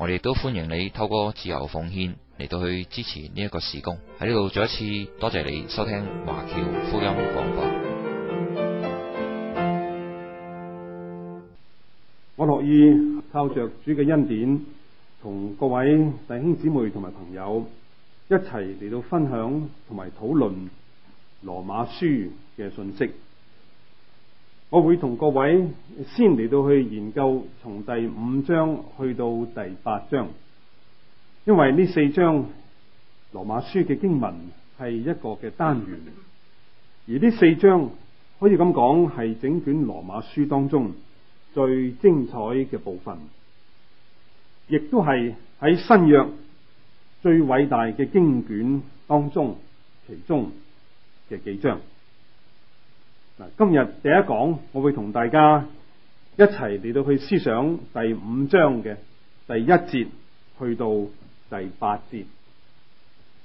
我哋都歡迎你透過自由奉獻嚟到去支持呢一個事工，喺呢度再一次多謝你收聽華僑福音廣播。我樂意靠着主嘅恩典，同各位弟兄姊妹同埋朋友一齊嚟到分享同埋討論羅馬書嘅信息。我會同各位先嚟到去研究從第五章去到第八章，因為呢四章羅馬書嘅經文係一個嘅單元，而呢四章可以咁講係整卷羅馬書當中最精彩嘅部分，亦都係喺新約最偉大嘅經卷當中其中嘅幾章。今日第一講，我會同大家一齊嚟到去思想第五章嘅第一節去到第八節，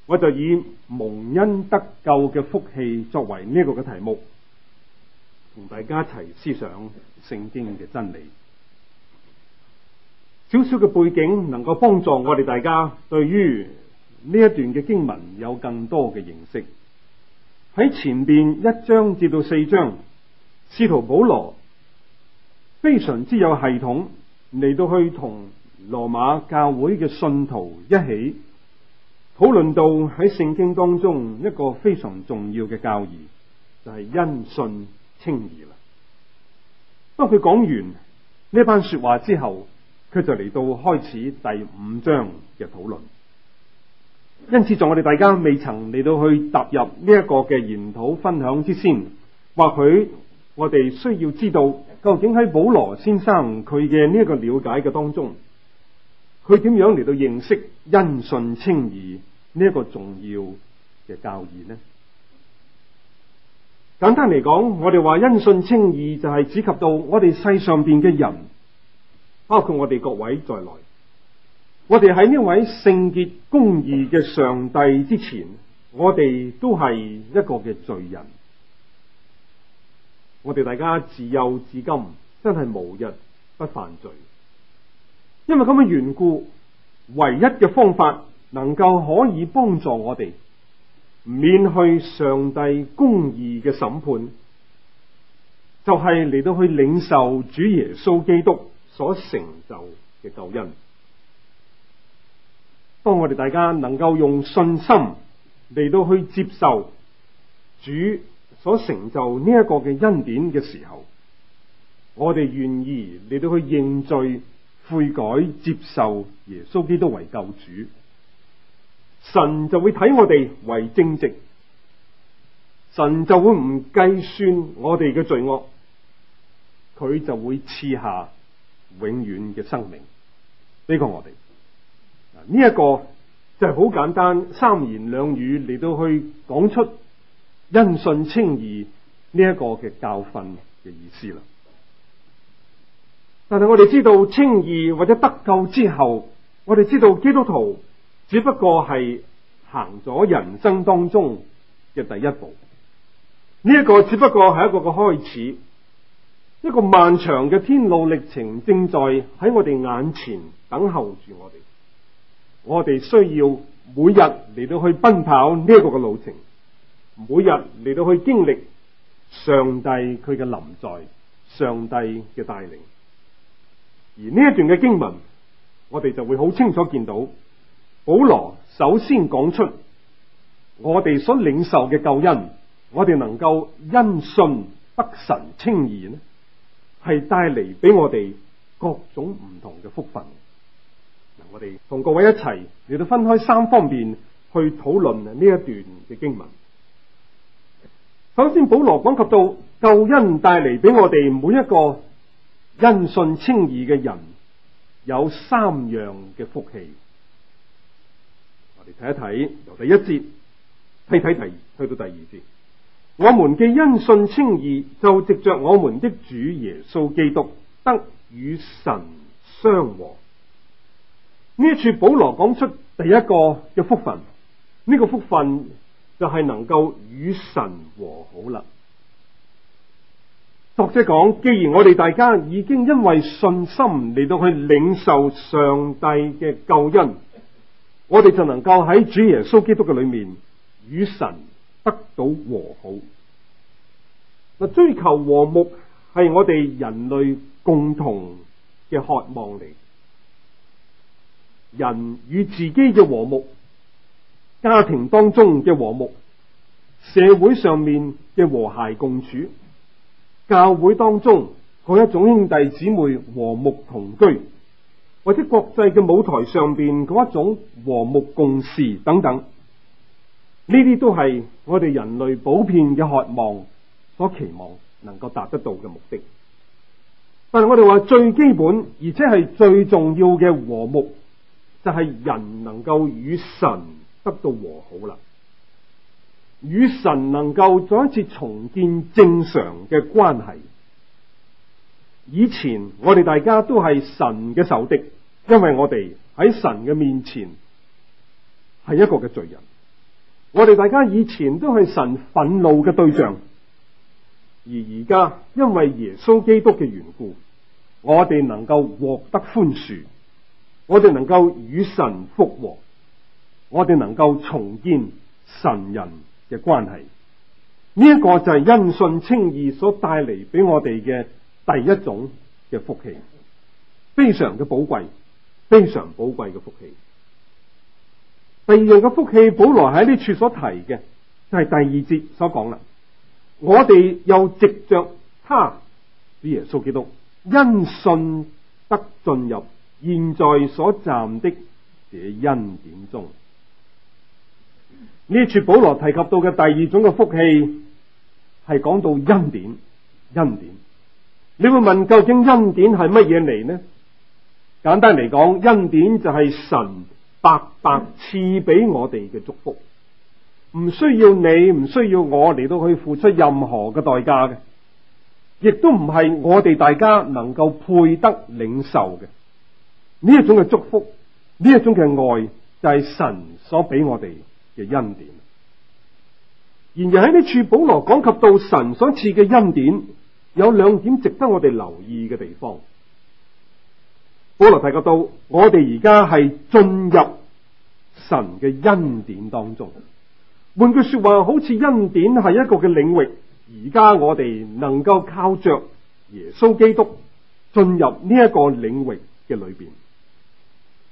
我就以蒙恩得救嘅福氣作為呢個嘅題目，同大家一齊思想聖經嘅真理。少少嘅背景能夠幫助我哋大家對於呢一段嘅經文有更多嘅認識。喺前邊一章至到四章，司徒保羅非常之有系統嚟到去同羅馬教會嘅信徒一起討論到喺聖經當中一個非常重要嘅教義，就係、是、因信稱義啦。當佢講完呢番說話之後，佢就嚟到開始第五章嘅討論。因此，在我哋大家未曾嚟到去踏入呢一個嘅研討分享之先，或許我哋需要知道究竟喺保羅先生佢嘅呢一個了解嘅當中，佢點樣嚟到認識因信稱義呢一個重要嘅教義呢？簡單嚟講，我哋話因信稱義就係指及到我哋世上邊嘅人，包括我哋各位在內。我哋喺呢位聖潔公義嘅上帝之前，我哋都係一個嘅罪人。我哋大家自幼至今，真係無日不犯罪。因為咁嘅緣故，唯一嘅方法能夠可以幫助我哋免去上帝公義嘅審判，就係嚟到去領受主耶穌基督所成就嘅救恩。當我哋大家能夠用信心嚟到去接受主所成就呢一個嘅恩典嘅時候，我哋願意嚟到去認罪悔改，接受耶穌基督為救主，神就會睇我哋為正直，神就會唔計算我哋嘅罪惡，佢就會賜下永遠嘅生命俾過我哋。呢、這、一個就係好簡單，三言兩語嚟到去講出因信稱義呢一個嘅教訓嘅意思啦。但係我哋知道，稱義或者得救之後，我哋知道基督徒只不過係行咗人生當中嘅第一步。呢、這、一個只不過係一個嘅開始，一個漫長嘅天路歷程正在喺我哋眼前等候住我哋。我哋需要每日嚟到去奔跑呢一個嘅路程，每日嚟到去經歷上帝佢嘅臨在、上帝嘅帶領。而呢一段嘅經文，我哋就會好清楚見到，保羅首先講出我哋所領受嘅救恩，我哋能夠因信得神稱義呢，係帶嚟俾我哋各種唔同嘅福分。我哋同各位一齊嚟到分開三方面去討論呢一段嘅經文。首先，保羅講及到救恩帶嚟俾我哋每一個因信稱義嘅人有三樣嘅福氣。我哋睇一睇由第一節睇睇睇，去到第二節。我們既因信稱義，就藉着我們的主耶穌基督得與神相和。呢一處保羅講出第一個嘅福分，呢個福分就係能夠與神和好啦。作者講，既然我哋大家已經因為信心嚟到去領受上帝嘅救恩，我哋就能夠喺主耶穌基督嘅裏面與神得到和好。嗱，追求和睦係我哋人類共同嘅渴望嚟。人與自己嘅和睦，家庭當中嘅和睦，社會上面嘅和諧共處，教會當中嗰一種兄弟姊妹和睦同居，或者國際嘅舞台上邊嗰一種和睦共事等等，呢啲都係我哋人類普遍嘅渴望，所期望能夠達得到嘅目的。但係我哋話最基本而且係最重要嘅和睦。就係人能夠與神得到和好啦，與神能夠再一次重建正常嘅關係。以前我哋大家都係神嘅仇敵，因為我哋喺神嘅面前係一個嘅罪人。我哋大家以前都係神憤怒嘅對象，而而家因為耶穌基督嘅緣故，我哋能夠獲得寬恕。我哋能夠與神復和，我哋能夠重建神人嘅關係，呢、這、一個就係因信稱義所帶嚟俾我哋嘅第一種嘅福氣，非常嘅寶貴，非常寶貴嘅福氣。第二樣嘅福氣，保羅喺呢處所提嘅就係、是、第二節所講啦。我哋又藉着他，主耶穌基督，因信得進入。現在所站的這恩典中，呢處保羅提及到嘅第二種嘅福氣係講到恩典。恩典，你會問究竟恩典係乜嘢嚟？呢簡單嚟講，恩典就係神白白賜俾我哋嘅祝福，唔需要你，唔需要我嚟到去付出任何嘅代價嘅，亦都唔係我哋大家能夠配得領受嘅。呢一種嘅祝福，呢一種嘅愛，就係神所俾我哋嘅恩典。然而喺呢處，保羅講及到神所賜嘅恩典，有兩點值得我哋留意嘅地方。保羅提及到，我哋而家係進入神嘅恩典當中。換句說話，好似恩典係一個嘅領域，而家我哋能夠靠着耶穌基督進入呢一個領域嘅裏邊。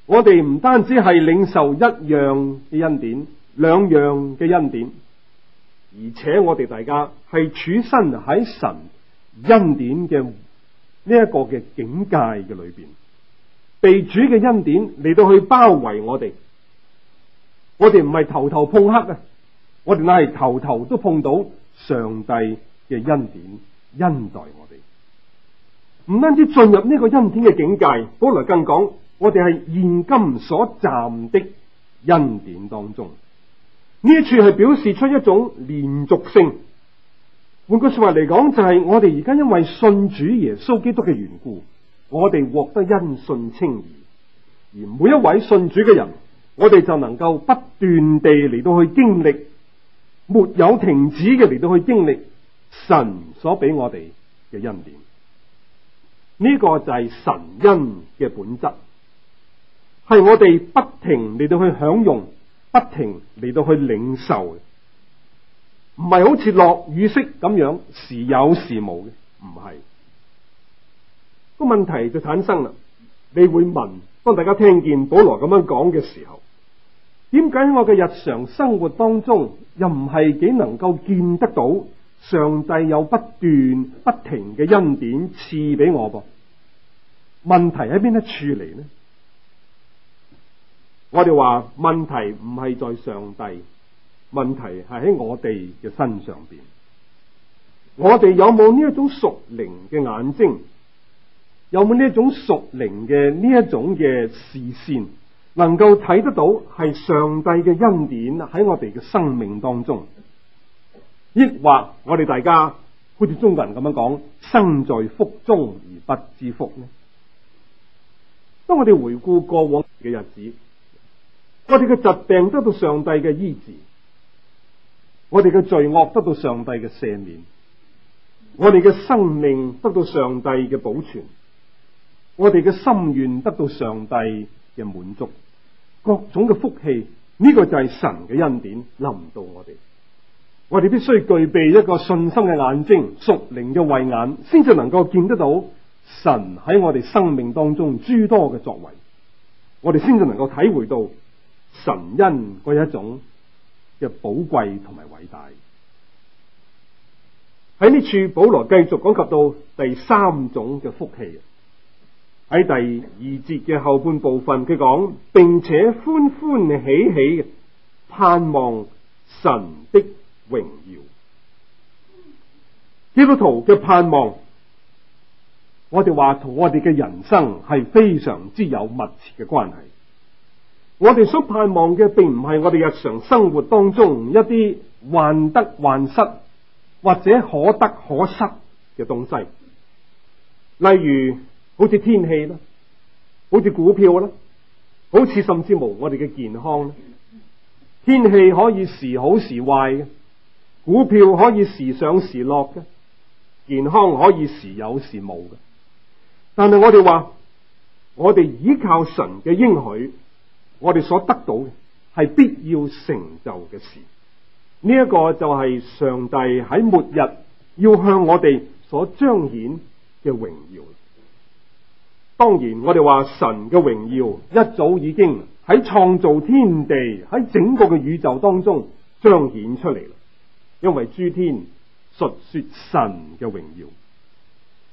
我哋唔單止係領受一樣嘅恩典，兩樣嘅恩典，而且我哋大家係處身喺神恩典嘅呢一個嘅境界嘅裏邊，被主嘅恩典嚟到去包圍我哋，我哋唔係頭頭碰黑啊，我哋乃係頭頭都碰到上帝嘅恩典恩待我哋，唔單止進入呢個恩典嘅境界，本來更講。我哋係現今所站的恩典當中，呢一處係表示出一種連續性。換句話說話嚟講，就係、是、我哋而家因為信主耶穌基督嘅緣故，我哋獲得因信稱義，而每一位信主嘅人，我哋就能夠不斷地嚟到去經歷，沒有停止嘅嚟到去經歷神所俾我哋嘅恩典。呢、這個就係神恩嘅本質。係我哋不停嚟到去享用，不停嚟到去領受嘅，唔係好似落雨式咁樣時有時冇嘅，唔係。個問題就產生啦。你會問，當大家聽見保羅咁樣講嘅時候，點解我嘅日常生活當中又唔係幾能夠見得到上帝有不斷不停嘅恩典賜俾我噃？問題喺邊一處嚟呢？我哋話問題唔係在上帝，問題係喺我哋嘅身上邊。我哋有冇呢一種屬靈嘅眼睛，有冇呢一種屬靈嘅呢一種嘅視線，能夠睇得到係上帝嘅恩典喺我哋嘅生命當中？抑或我哋大家好似中國人咁樣講，生在福中而不知福呢？當我哋回顧過往嘅日子。我哋嘅疾病得到上帝嘅醫治，我哋嘅罪惡得到上帝嘅赦免，我哋嘅生命得到上帝嘅保存，我哋嘅心願得到上帝嘅滿足，各種嘅福氣呢、這個就係神嘅恩典臨到我哋。我哋必須具備一個信心嘅眼睛，屬靈嘅慧眼，先至能夠見得到神喺我哋生命當中諸多嘅作為，我哋先至能夠體會到。神恩嗰一種嘅寶貴同埋偉大在這，喺呢處，保羅繼續講及到第三種嘅福氣，喺第二節嘅後半部分，佢講，並且歡歡喜喜盼望神的榮耀。基督徒嘅盼望，我哋話同我哋嘅人生係非常之有密切嘅關係。我哋所盼望嘅，並唔係我哋日常生活當中一啲患得患失或者可得可失嘅東西，例如好似天氣啦，好似股票啦，好似甚至無我哋嘅健康。天氣可以時好時壞嘅，股票可以時上時落嘅，健康可以時有時冇嘅。但係我哋話，我哋依靠神嘅應許。我哋所得到嘅係必要成就嘅事，呢一個就係上帝喺末日要向我哋所彰顯嘅榮耀。當然，我哋話神嘅榮耀一早已經喺創造天地，喺整個嘅宇宙當中彰顯出嚟。因為諸天述說神嘅榮耀，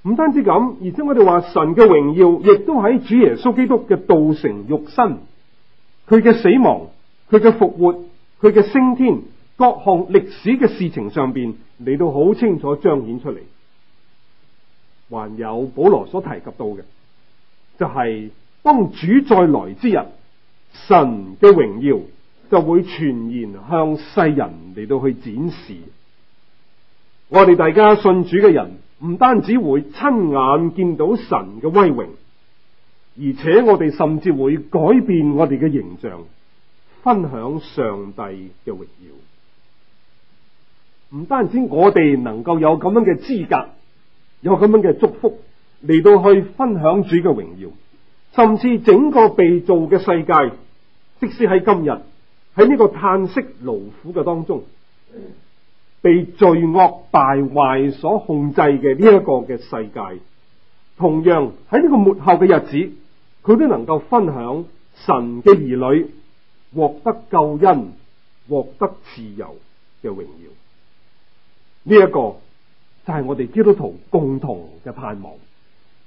唔單止咁，而且我哋話神嘅榮耀亦都喺主耶穌基督嘅道成肉身。佢嘅死亡、佢嘅復活、佢嘅升天，各項歷史嘅事情上邊嚟到好清楚彰顯出嚟。還有保羅所提及到嘅，就係、是、當主再來之日，神嘅榮耀就會全然向世人嚟到去展示。我哋大家信主嘅人，唔單止會親眼見到神嘅威榮。而且我哋甚至會改變我哋嘅形象，分享上帝嘅榮耀。唔單止我哋能夠有咁樣嘅資格，有咁樣嘅祝福嚟到去分享主嘅榮耀，甚至整個被造嘅世界，即使喺今日喺呢個嘆息勞苦嘅當中，被罪惡敗壞所控制嘅呢一個嘅世界，同樣喺呢個末後嘅日子。佢都能夠分享神嘅兒女獲得救恩、獲得自由嘅榮耀。呢、這、一個就係我哋基督徒共同嘅盼望。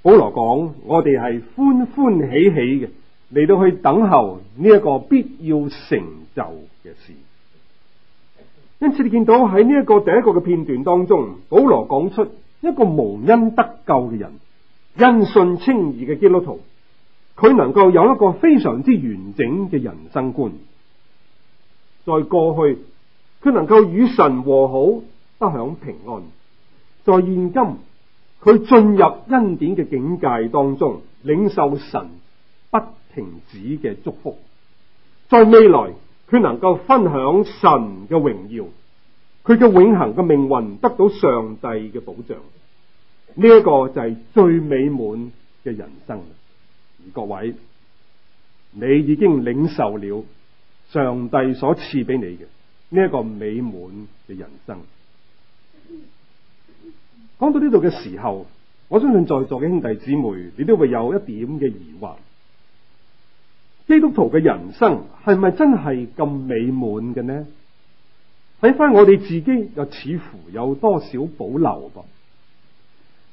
保羅講：我哋係歡歡喜喜嘅嚟到去等候呢一個必要成就嘅事。因此，你見到喺呢一個第一個嘅片段當中，保羅講出一個蒙恩得救嘅人，因信稱義嘅基督徒。佢能夠有一個非常之完整嘅人生觀，在過去佢能夠與神和好，得享平安；在現今佢進入恩典嘅境界當中，領受神不停止嘅祝福；在未來佢能夠分享神嘅榮耀，佢嘅永恆嘅命運得到上帝嘅保障，呢一個就係最美滿嘅人生。各位，你已經領受了上帝所賜俾你嘅呢一個美滿嘅人生。講到呢度嘅時候，我相信在座嘅兄弟姊妹，你都會有一點嘅疑惑：基督徒嘅人生係咪真係咁美滿嘅呢？睇翻我哋自己，又似乎有多少保留噃？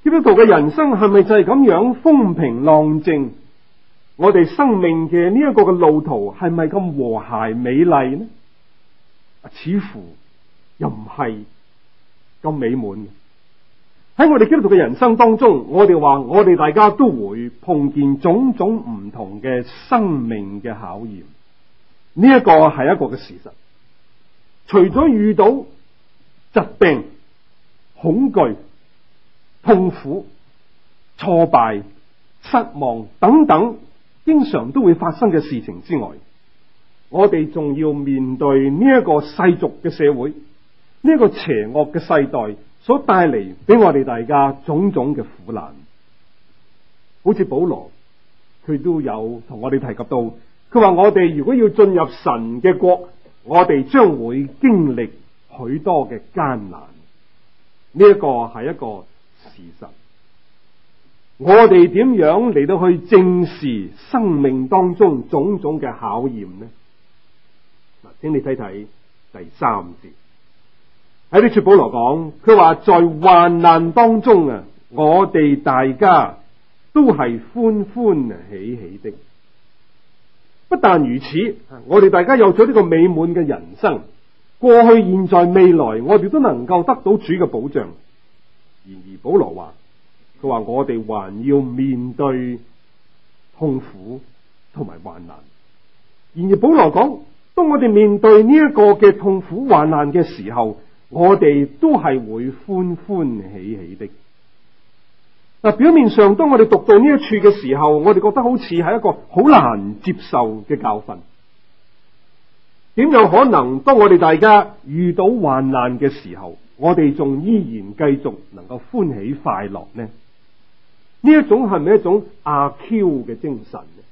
基督徒嘅人生係咪就係咁樣風平浪靜？我哋生命嘅呢一個嘅路途係咪咁和諧美麗呢？似乎又唔係咁美滿。喺我哋基督徒嘅人生當中，我哋話我哋大家都會碰見種種唔同嘅生命嘅考驗，呢一個係一個嘅事實。除咗遇到疾病、恐懼、痛苦、挫敗、失望等等。經常都會發生嘅事情之外，我哋仲要面對呢一個世俗嘅社會，呢一個邪惡嘅世代所帶嚟俾我哋大家種種嘅苦難。好似保羅，佢都有同我哋提及到，佢話我哋如果要進入神嘅國，我哋將會經歷許多嘅艱難。呢一個係一個事實。我哋點樣嚟到去正視生命當中種種嘅考驗呢？嗱，請你睇睇第三節，喺呢處保羅講，佢話在患難當中啊，我哋大家都係歡歡喜喜的。不但如此，我哋大家有咗呢個美滿嘅人生，過去、現在、未來，我哋都能夠得到主嘅保障。然而保羅話。佢話我哋還要面對痛苦同埋患難，然而保羅講：當我哋面對呢一個嘅痛苦患難嘅時候，我哋都係會歡歡喜喜的。嗱，表面上當我哋讀到呢一處嘅時候，我哋覺得好似係一個好難接受嘅教訓。點有可能當我哋大家遇到患難嘅時候，我哋仲依然繼續能夠歡喜快樂呢？呢一種係咪一種阿 Q 嘅精神咧？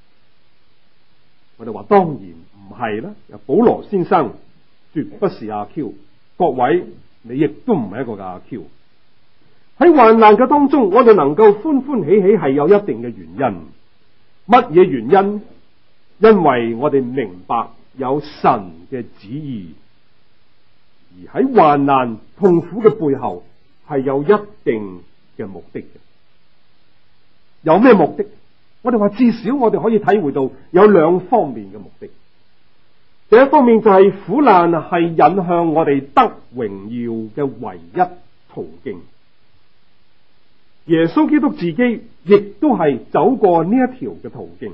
我哋話當然唔係啦。保羅先生絕不是阿 Q，各位你亦都唔係一個阿 Q。喺患難嘅當中，我哋能夠歡歡喜喜係有一定嘅原因。乜嘢原因？因為我哋明白有神嘅旨意，而喺患難痛苦嘅背後係有一定嘅目的嘅。有咩目的？我哋話至少我哋可以體會到有兩方面嘅目的。第一方面就係苦難係引向我哋得榮耀嘅唯一途徑。耶穌基督自己亦都係走過呢一條嘅途徑。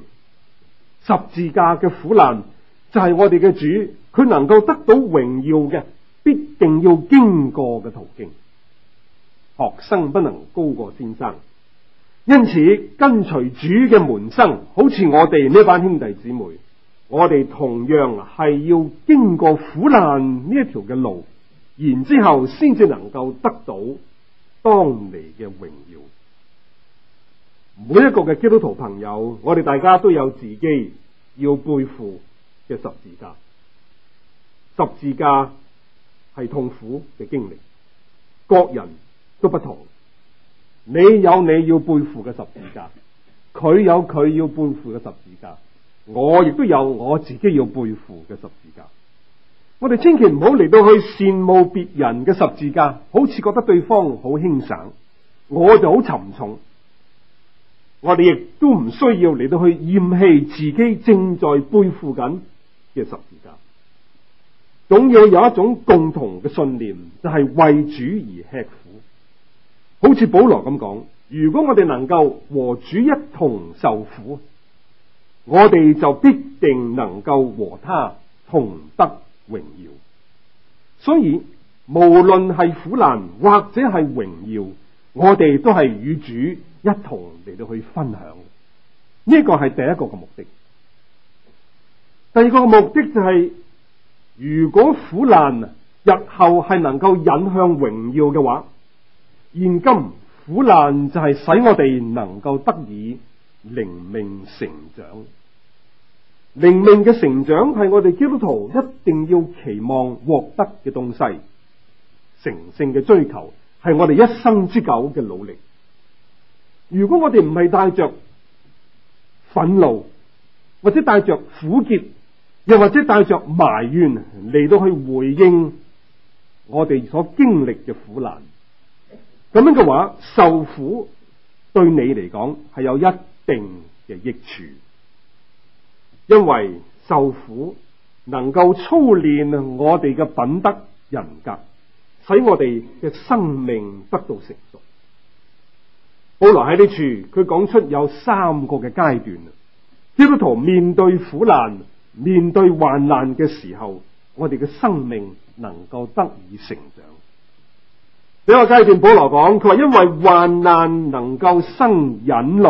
十字架嘅苦難就係我哋嘅主，佢能夠得到榮耀嘅必定要經過嘅途徑。學生不能高過先生。因此，跟隨主嘅門生，好似我哋呢班兄弟姊妹，我哋同樣係要經過苦難呢一條嘅路，然之後先至能夠得到當年嘅榮耀。每一個嘅基督徒朋友，我哋大家都有自己要背負嘅十字架，十字架係痛苦嘅經歷，各人都不同。你有你要背負嘅十字架，佢有佢要背負嘅十字架，我亦都有我自己要背負嘅十字架。我哋千祈唔好嚟到去羨慕別人嘅十字架，好似覺得對方好輕省，我就好沉重。我哋亦都唔需要嚟到去厭棄自己正在背負緊嘅十字架，總要有一種共同嘅信念，就係、是、為主而吃。好似保羅咁講，如果我哋能夠和主一同受苦，我哋就必定能夠和他同得榮耀。所以無論係苦難或者係榮耀，我哋都係與主一同嚟到去分享。呢個係第一個嘅目的。第二個目的就係、是，如果苦難日後係能夠引向榮耀嘅話。現今苦難就係使我哋能夠得以靈命成長，靈命嘅成長係我哋基督徒一定要期望獲得嘅東西。成聖嘅追求係我哋一生之久嘅努力。如果我哋唔係帶着憤怒，或者帶着苦澀，又或者帶着埋怨嚟到去回應我哋所經歷嘅苦難。咁樣嘅話，受苦對你嚟講係有一定嘅益處，因為受苦能夠操練我哋嘅品德、人格，使我哋嘅生命得到成熟。保羅喺呢處佢講出有三個嘅階段。基督徒面對苦難、面對患難嘅時候，我哋嘅生命能夠得以成長。畀我話齋段保羅講，佢話因為患難能夠生忍耐，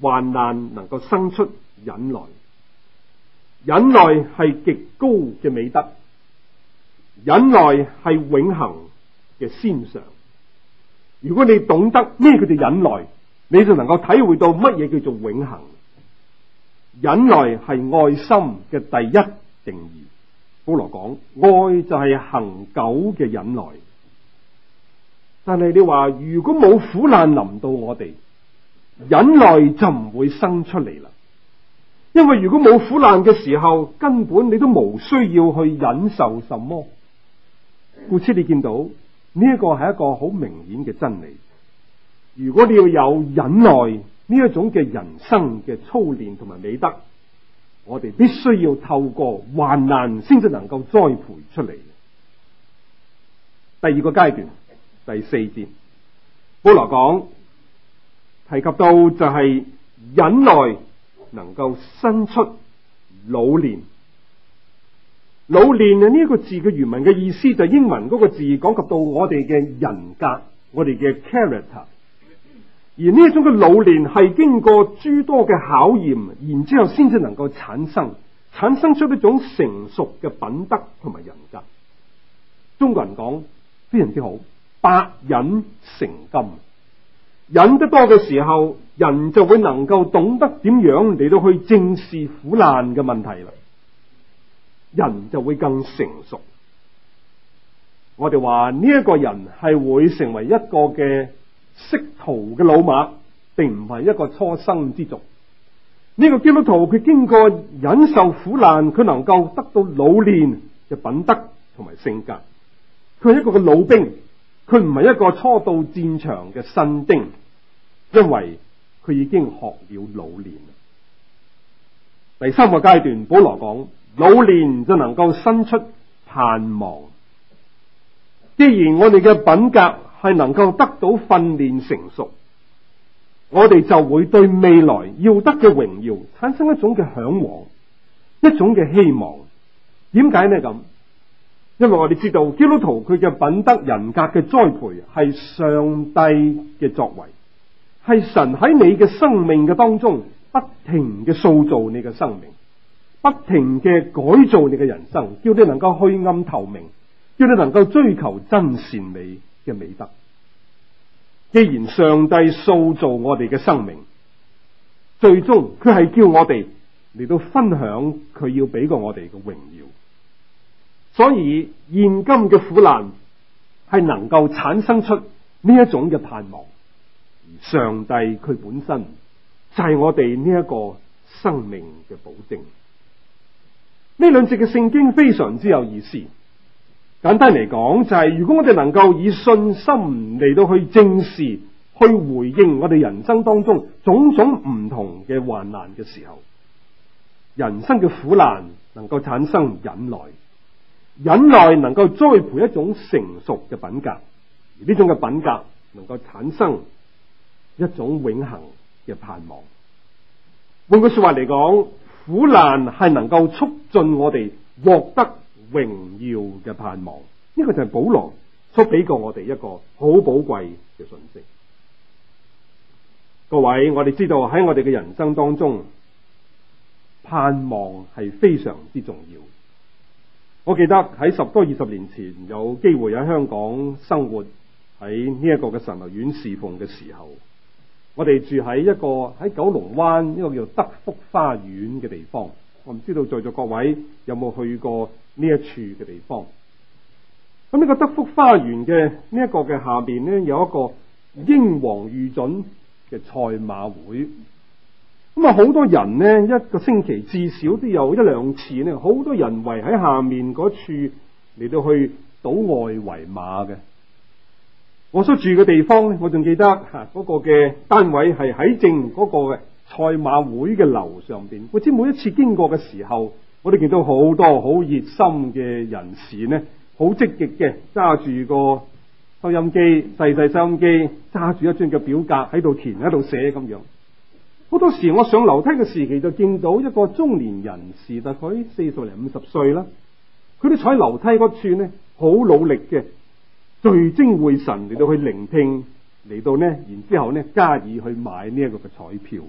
患難能夠生出忍耐，忍耐係極高嘅美德，忍耐係永恆嘅先常。如果你懂得咩叫做忍耐，你就能夠體會到乜嘢叫做永恆。忍耐係愛心嘅第一定義。保羅講：愛就係恒久嘅忍耐，但係你話如果冇苦難臨到我哋，忍耐就唔會生出嚟啦。因為如果冇苦難嘅時候，根本你都無需要去忍受什麼。故此，你見到呢一個係一個好明顯嘅真理。如果你要有忍耐呢一種嘅人生嘅操練同埋美德。我哋必須要透過患難先至能夠栽培出嚟。第二個階段，第四節，保羅講提及到就係忍耐能夠生出老練。老練嘅呢個個字嘅原文嘅意思就係英文嗰個字，講及到我哋嘅人格，我哋嘅 character。而呢一種嘅老練係經過諸多嘅考驗，然之後先至能夠產生，產生出一種成熟嘅品德同埋人格。中國人講非常之好，百忍成金。忍得多嘅時候，人就會能夠懂得點樣嚟到去正視苦難嘅問題啦。人就會更成熟。我哋話呢一個人係會成為一個嘅。識徒嘅老馬並唔係一個初生之族。呢、這個基督徒佢經過忍受苦難，佢能夠得到老練嘅品德同埋性格。佢係一個嘅老兵，佢唔係一個初到戰場嘅新兵，因為佢已經學了老練。第三個階段，保羅講老練就能夠生出盼望。既然我哋嘅品格，係能夠得到訓練成熟，我哋就會對未來要得嘅榮耀產生一種嘅向往，一種嘅希望。點解呢？咁因為我哋知道基督徒佢嘅品德人格嘅栽培係上帝嘅作為，係神喺你嘅生命嘅當中不停嘅塑造你嘅生命，不停嘅改造你嘅人生，叫你能夠棄暗投明，叫你能夠追求真善美。嘅美德，既然上帝塑造我哋嘅生命，最終佢係叫我哋嚟到分享佢要俾過我哋嘅榮耀，所以現今嘅苦難係能夠產生出呢一種嘅盼望，而上帝佢本身就係我哋呢一個生命嘅保證。呢兩節嘅聖經非常之有意思。簡單嚟講就係，如果我哋能夠以信心嚟到去正視，去回應我哋人生當中種種唔同嘅患難嘅時候，人生嘅苦難能夠產生忍耐，忍耐能夠栽培一種成熟嘅品格，而呢種嘅品格能夠產生一種永恆嘅盼望。換句說話嚟講，苦難係能夠促進我哋獲得。榮耀嘅盼望，呢、這個就係保羅所俾過我哋一個好寶貴嘅信息。各位，我哋知道喺我哋嘅人生當中，盼望係非常之重要。我記得喺十多二十年前，有機會喺香港生活喺呢一個嘅神學院侍奉嘅時候，我哋住喺一個喺九龍灣一個叫德福花園嘅地方。我唔知道在座各位有冇去過呢一處嘅地方。咁呢個德福花園嘅呢一個嘅下邊呢，有一個英皇御准嘅賽馬會。咁啊，好多人呢，一個星期至少都有一兩次呢，好多人圍喺下面嗰處嚟到去賭外圍馬嘅。我所住嘅地方呢，我仲記得嗰個嘅單位係喺正嗰、嗰個嘅。賽馬會嘅樓上邊，我知每一次經過嘅時候，我都見到好多好熱心嘅人士呢，好積極嘅揸住個收音機，細細收音機，揸住一張嘅表格喺度填喺度寫咁樣。好多時我上樓梯嘅時期就見到一個中年人士，大概四十零五十歲啦，佢都坐樓梯嗰處呢，好努力嘅，聚精會神嚟到去聆聽，嚟到呢，然之後呢，加以去買呢一個嘅彩票。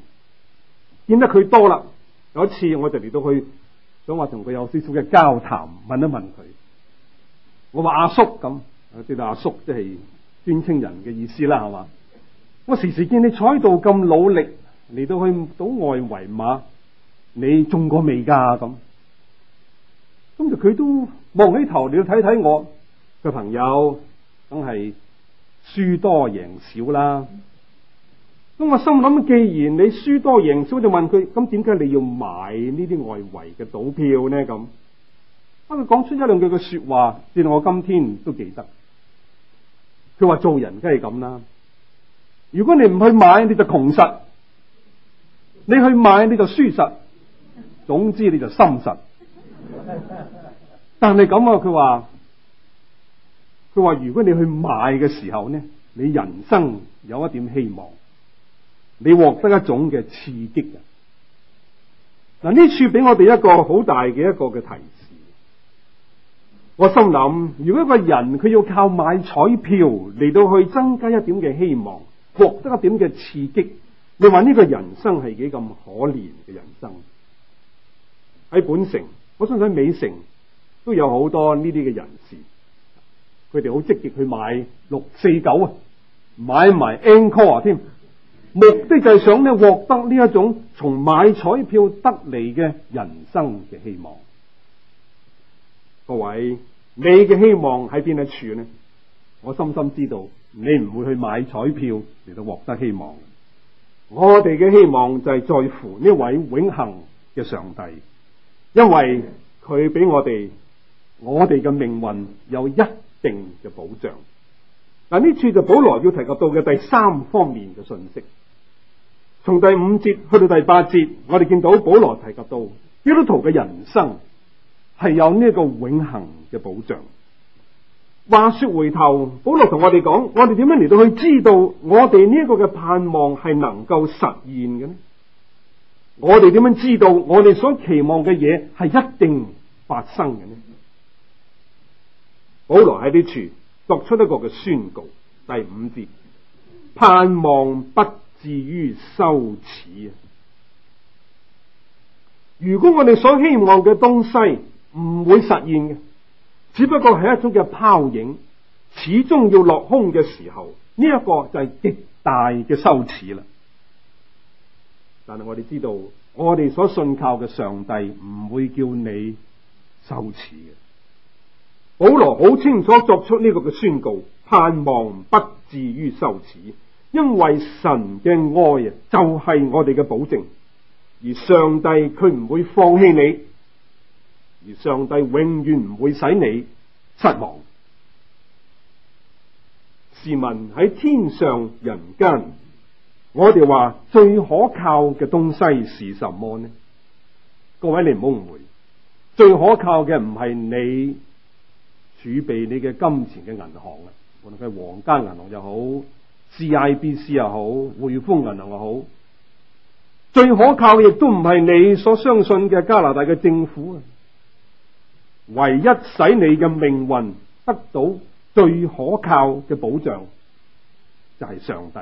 見得佢多啦，有一次我就嚟到去，想話同佢有少少嘅交談，問一問佢。我話阿叔咁，知道阿叔，即係尊稱人嘅意思啦，係嘛？我時時見你坐喺度咁努力，嚟到去賭外圍馬，你中過未㗎咁？咁就佢都望起頭嚟，睇睇我嘅朋友，梗係輸多贏少啦。咁我心諗，既然你輸多贏少，就問佢：咁點解你要買呢啲外圍嘅賭票呢？咁，佢講出一兩句嘅說話，令我今天都記得。佢話做人梗係咁啦。如果你唔去買，你就窮實；你去買，你就輸實。總之你就心實。但係咁啊，佢話佢話：如果你去買嘅時候呢，你人生有一點希望。你獲得一種嘅刺激嘅。啊，嗱呢處俾我哋一個好大嘅一個嘅提示。我心諗，如果一個人佢要靠買彩票嚟到去增加一點嘅希望，獲得一點嘅刺激，你話呢個人生係幾咁可憐嘅人生？喺本城，我相信喺美城都有好多呢啲嘅人士，佢哋好積極去買六四九啊，買埋 Encore 添。目的就係想咧獲得呢一種從買彩票得嚟嘅人生嘅希望。各位，你嘅希望喺邊一處呢？我深深知道你唔會去買彩票嚟到獲得希望。我哋嘅希望就係在乎呢位永恆嘅上帝，因為佢俾我哋我哋嘅命運有一定嘅保障。嗱，呢處就是保羅要提及到嘅第三方面嘅信息。從第五節去到第八節，我哋見到保羅提及到基督徒嘅人生係有呢一個永恒嘅保障。話說回頭，保羅同我哋講：我哋點樣嚟到去知道我哋呢一個嘅盼望係能夠實現嘅呢？我哋點樣知道我哋所期望嘅嘢係一定發生嘅呢？保羅喺呢處作出一個嘅宣告：第五節，盼望不至於羞恥，如果我哋所希望嘅東西唔會實現嘅，只不過係一種嘅泡影，始終要落空嘅時候，呢一個就係極大嘅羞恥啦。但係我哋知道，我哋所信靠嘅上帝唔會叫你羞恥嘅。保羅好清楚作出呢個嘅宣告，盼望不至於羞恥。因為神嘅愛啊，就係我哋嘅保證。而上帝佢唔會放棄你，而上帝永遠唔會使你失望。試問喺天上人間，我哋話最可靠嘅東西是什麼呢？各位你唔好誤會，最可靠嘅唔係你儲備你嘅金錢嘅銀行啊，無論佢係皇家銀行又好。CIBC 又好，匯豐銀行又好，最可靠嘅亦都唔係你所相信嘅加拿大嘅政府。唯一使你嘅命運得到最可靠嘅保障，就係、是、上帝。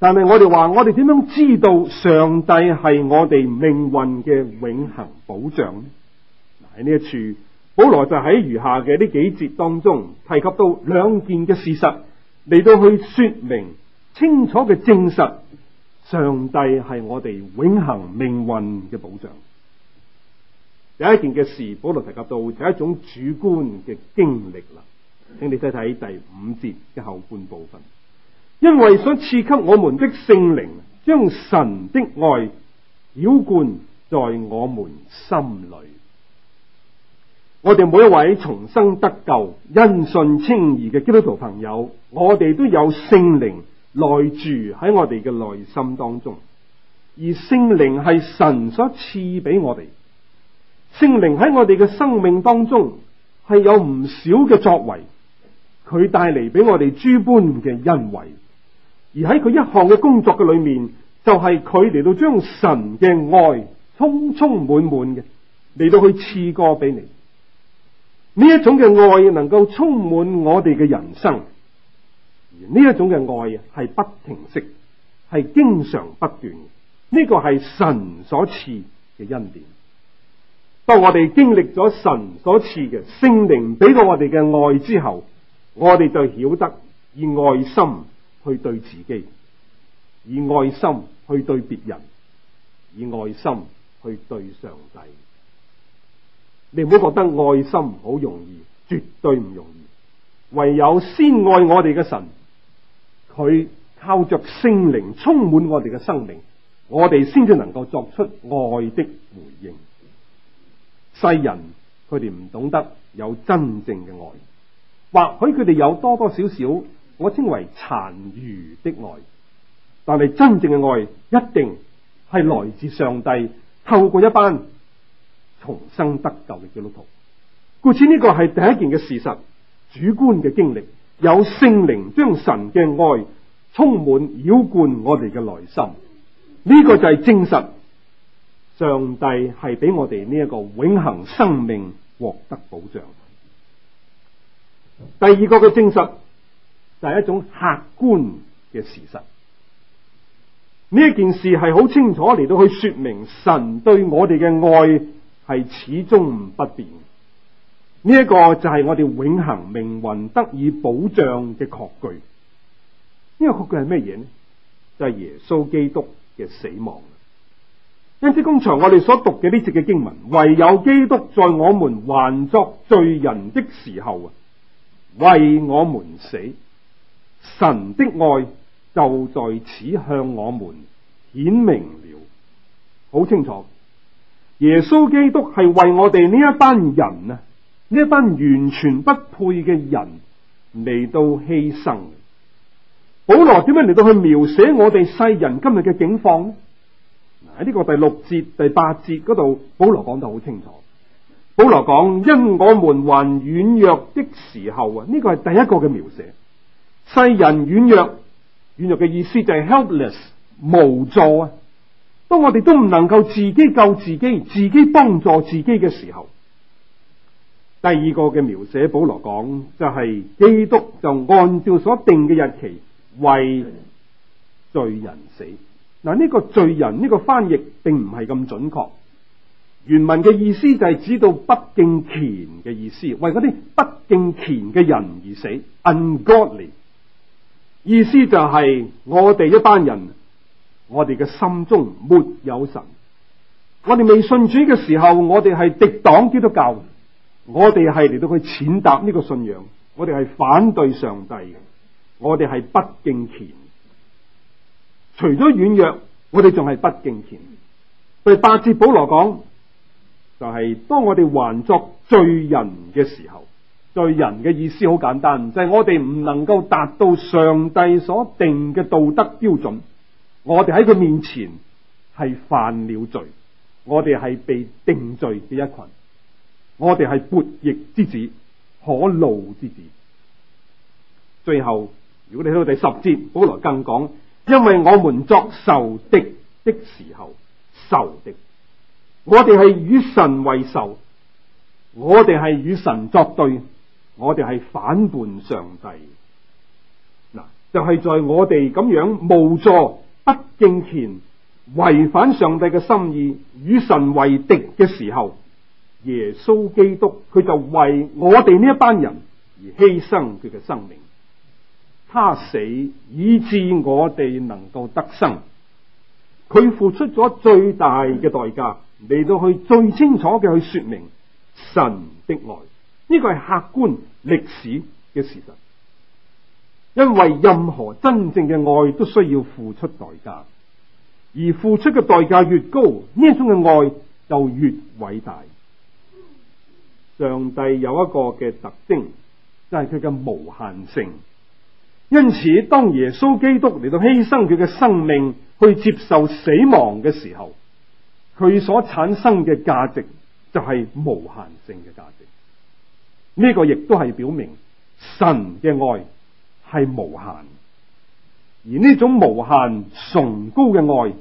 但係我哋話，我哋點樣知道上帝係我哋命運嘅永恒保障呢？喺呢一處，保羅就喺餘下嘅呢幾節當中提及到兩件嘅事實。嚟到去說明清楚嘅證實，上帝係我哋永恒命運嘅保障。有一件嘅事，保羅提及到就係一種主觀嘅經歷啦。請你睇睇第五節嘅後半部分，因為所賜給我們的聖靈將神的愛澆灌在我們心裏。我哋每一位重生得救、因信稱義嘅基督徒朋友，我哋都有聖靈內住喺我哋嘅內心當中。而聖靈係神所賜俾我哋，聖靈喺我哋嘅生命當中係有唔少嘅作為，佢帶嚟俾我哋諸般嘅恩惠。而喺佢一項嘅工作嘅裏面，就係佢嚟到將神嘅愛充充滿滿嘅嚟到去賜過俾你。呢一種嘅愛能夠充滿我哋嘅人生，而呢一種嘅愛係不停息，係經常不斷的。呢個係神所賜嘅恩典。當我哋經歷咗神所賜嘅聖靈俾到我哋嘅愛之後，我哋就曉得以愛心去對自己，以愛心去對別人，以愛心去對上帝。你唔好覺得愛心好容易，絕對唔容易。唯有先愛我哋嘅神，佢靠着聖靈充滿我哋嘅生命，我哋先至能夠作出愛的回應。世人，佢哋唔懂得有真正嘅愛，或許佢哋有多多少少，我稱為殘餘的愛，但係真正嘅愛，一定係來自上帝，透過一班。重生得救嘅基督徒，故此呢個係第一件嘅事實，主觀嘅經歷，有聖靈將神嘅愛充滿澆灌我哋嘅內心，呢個就係證實上帝係俾我哋呢一個永恆生命獲得保障。第二個嘅證實就係一種客觀嘅事實，呢一件事係好清楚嚟到去說明神對我哋嘅愛。係始終不變的，呢、這、一個就係我哋永恒命運得以保障嘅確據。呢、這個確據係咩嘢呢？就係、是、耶穌基督嘅死亡。因此，剛才，我哋所讀嘅呢節嘅經文，唯有基督在我們還作罪人的時候啊，為我們死，神的愛就在此向我們顯明了，好清楚。耶穌基督係為我哋呢一班人啊，呢一班完全不配嘅人嚟到犧牲。保羅點樣嚟到去描寫我哋世人今日嘅境況呢？喺呢個第六節、第八節嗰度，保羅講得好清楚。保羅講：因我們還軟弱的時候啊，呢個係第一個嘅描寫。世人軟弱，軟弱嘅意思就係 helpless，無助啊。當我哋都唔能夠自己救自己、自己幫助自己嘅時候，第二個嘅描寫，保羅講就係、是、基督就按照所定嘅日期為罪人死。嗱、這、呢個罪人呢、這個翻譯並唔係咁準確，原文嘅意思就係指到不敬虔嘅意思，為嗰啲不敬虔嘅人而死。Ungodly 意思就係我哋一班人。我哋嘅心中沒有神，我哋未信主嘅時候，我哋係敵擋基督教，我哋係嚟到去踐踏呢個信仰，我哋係反對上帝，我哋係不敬虔，除咗軟弱，我哋仲係不敬虔。對八節保羅講，就係、是、當我哋還作罪人嘅時候，罪人嘅意思好簡單，就係、是、我哋唔能夠達到上帝所定嘅道德標準。我哋喺佢面前係犯了罪，我哋係被定罪嘅一群，我哋係悖逆之子，可怒之子。最後，如果你睇到第十節，保羅更講：因為我們作仇敵的時候，仇敵，我哋係與神為仇，我哋係與神作對，我哋係反叛上帝。嗱，就係、是、在我哋咁樣無助。不敬虔、違反上帝嘅心意、與神為敵嘅時候，耶穌基督佢就為我哋呢一班人而犧牲佢嘅生命。他死以致我哋能夠得生，佢付出咗最大嘅代價嚟到去最清楚嘅去説明神的愛。呢、這個係客觀歷史嘅事實。因為任何真正嘅愛都需要付出代價，而付出嘅代價越高，呢種嘅愛就越偉大。上帝有一個嘅特徵就係佢嘅無限性，因此當耶穌基督嚟到犧牲佢嘅生命去接受死亡嘅時候，佢所產生嘅價值就係無限性嘅價值。呢個亦都係表明神嘅愛。係無限，而呢種無限崇高嘅愛，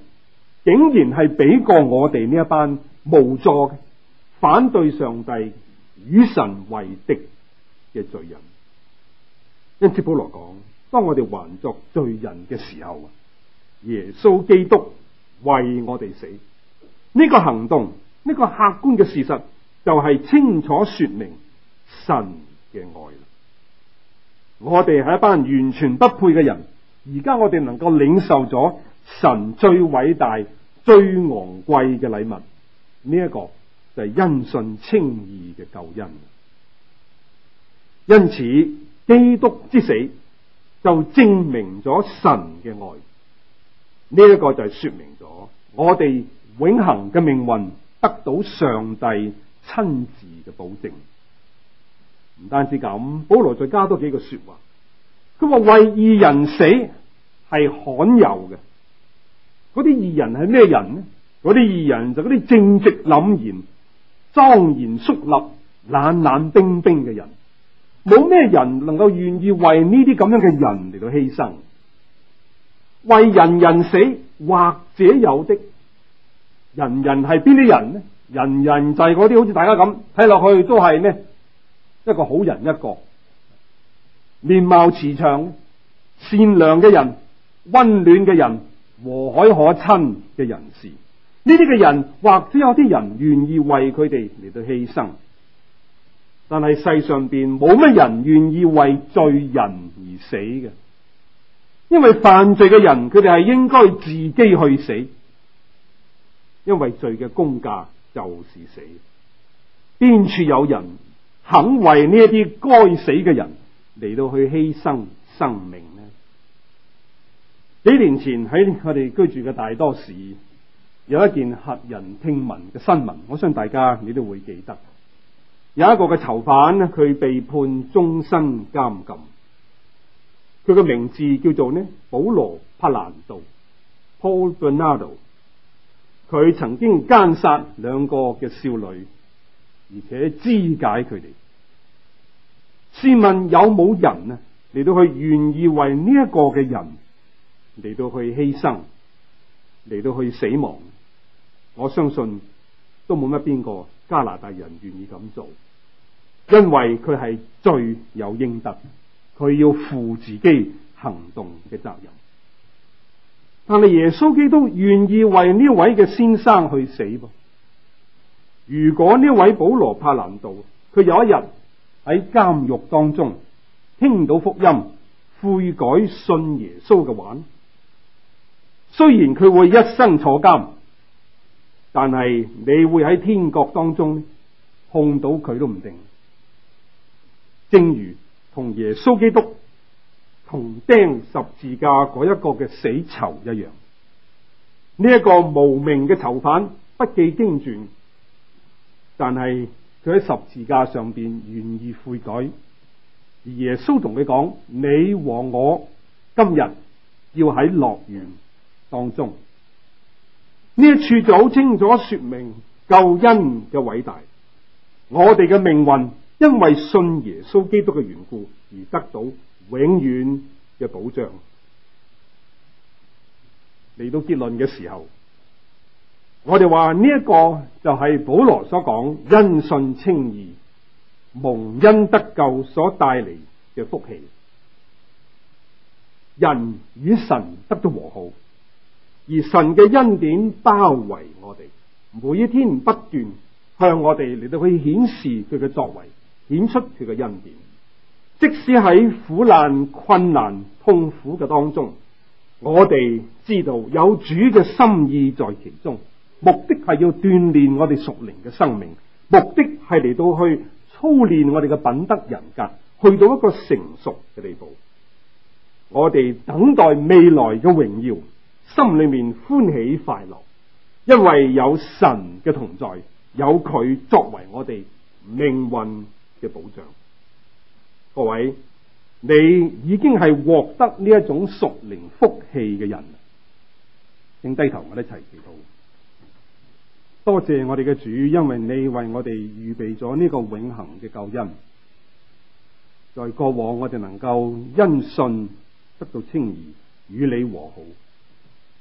竟然係畀過我哋呢一班無助的、嘅反對上帝、與神為敵嘅罪人。因此保羅講，當我哋還作罪人嘅時候啊，耶穌基督為我哋死，呢、這個行動，呢、這個客觀嘅事實，就係、是、清楚說明神嘅愛。我哋係一班完全不配嘅人，而家我哋能夠領受咗神最偉大、最昂貴嘅禮物，呢、這、一個就係因信稱義嘅救恩。因此，基督之死就證明咗神嘅愛，呢、這、一個就係說明咗我哋永恆嘅命運得到上帝親自嘅保證。唔單止咁，保羅再加多幾句說話。佢話為義人死係罕有嘅。嗰啲義人係咩人呢？嗰啲義人就嗰啲正直凛然、莊嚴肅立、冷冷冰冰嘅人。冇咩人能夠願意為呢啲咁樣嘅人嚟到犧牲。為人人死，或者有的人人係邊啲人呢？人人就係嗰啲好似大家咁睇落去都係咩？一個好人，一個面貌慈祥、善良嘅人，溫暖嘅人，和藹可親嘅人士。呢啲嘅人或者有啲人願意為佢哋嚟到犧牲，但係世上邊冇乜人願意為罪人而死嘅。因為犯罪嘅人佢哋係應該自己去死，因為罪嘅工價就是死。邊處有人？肯為呢一啲該死嘅人嚟到去犧牲生命呢？幾年前喺佢哋居住嘅大多市，有一件駭人聽聞嘅新聞，我相信大家你都會記得。有一個嘅囚犯，佢被判終身監禁。佢嘅名字叫做呢保羅帕蘭道 Paul Bernardo，佢曾經姦殺兩個嘅少女。而且肢解佢哋。試問有冇人啊，嚟到去願意為呢一個嘅人嚟到去犧牲，嚟到去死亡？我相信都冇乜邊個加拿大人願意咁做，因為佢係罪有應得，佢要負自己行動嘅責任。但係耶穌基督願意為呢位嘅先生去死噃。如果呢位保羅帕蘭道，佢有一日喺監獄當中聽到福音悔改信耶穌嘅話，雖然佢會一生坐監，但係你會喺天國當中碰到佢都唔定，正如同耶穌基督同釘十字架嗰一個嘅死囚一樣，呢一個無名嘅囚犯不記經傳。但係佢喺十字架上邊願意悔改，而耶穌同佢講：你和我今日要喺樂園當中。呢一處就好清楚說明救恩嘅偉大。我哋嘅命運因為信耶穌基督嘅緣故而得到永遠嘅保障。嚟到結論嘅時候。我哋話呢一個就係保羅所講因信稱義、蒙恩得救所帶嚟嘅福氣。人與神得到和好，而神嘅恩典包圍我哋，每一天不斷向我哋嚟到去顯示佢嘅作為，顯出佢嘅恩典。即使喺苦難、困難、痛苦嘅當中，我哋知道有主嘅心意在其中。目的係要鍛煉我哋屬靈嘅生命，目的係嚟到去操練我哋嘅品德人格，去到一個成熟嘅地步。我哋等待未來嘅榮耀，心裏面歡喜快樂，因為有神嘅同在，有佢作為我哋命運嘅保障。各位，你已經係獲得呢一種屬靈福氣嘅人，請低頭，我哋一齊祈禱。多謝我哋嘅主，因為你為我哋預備咗呢個永恆嘅救恩，在過往我哋能夠因信得到稱義與你和好。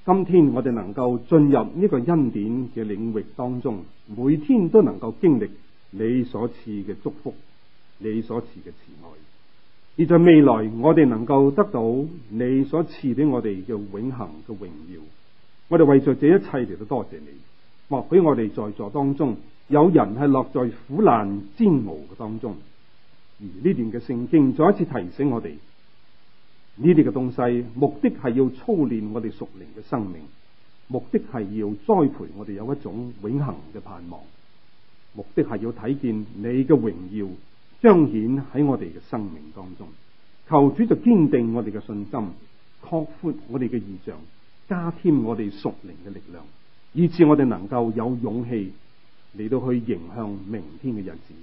今天我哋能夠進入呢個恩典嘅領域當中，每天都能夠經歷你所賜嘅祝福，你所賜嘅慈愛。而在未來，我哋能夠得到你所賜俾我哋嘅永恆嘅榮耀。我哋為著這一切嚟到多謝你。或許我哋在座當中有人係落在苦難煎熬嘅當中，而呢段嘅聖經再一次提醒我哋：呢啲嘅東西目的係要操練我哋屬靈嘅生命，目的係要栽培我哋有一種永恒嘅盼望，目的係要睇見你嘅榮耀彰顯喺我哋嘅生命當中。求主就堅定我哋嘅信心，擴闊我哋嘅異象，加添我哋屬靈嘅力量。以至我哋能夠有勇氣嚟到去迎向明天嘅日子，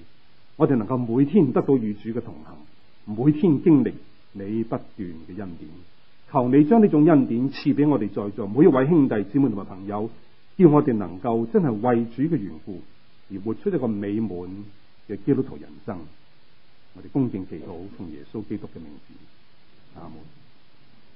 我哋能夠每天得到與主嘅同行，每天經歷你不斷嘅恩典。求你將呢種恩典賜俾我哋在座每一位兄弟姊妹同埋朋友，叫我哋能夠真係為主嘅緣故而活出一個美滿嘅基督徒人生。我哋恭敬祈禱，奉耶穌基督嘅名字，阿門。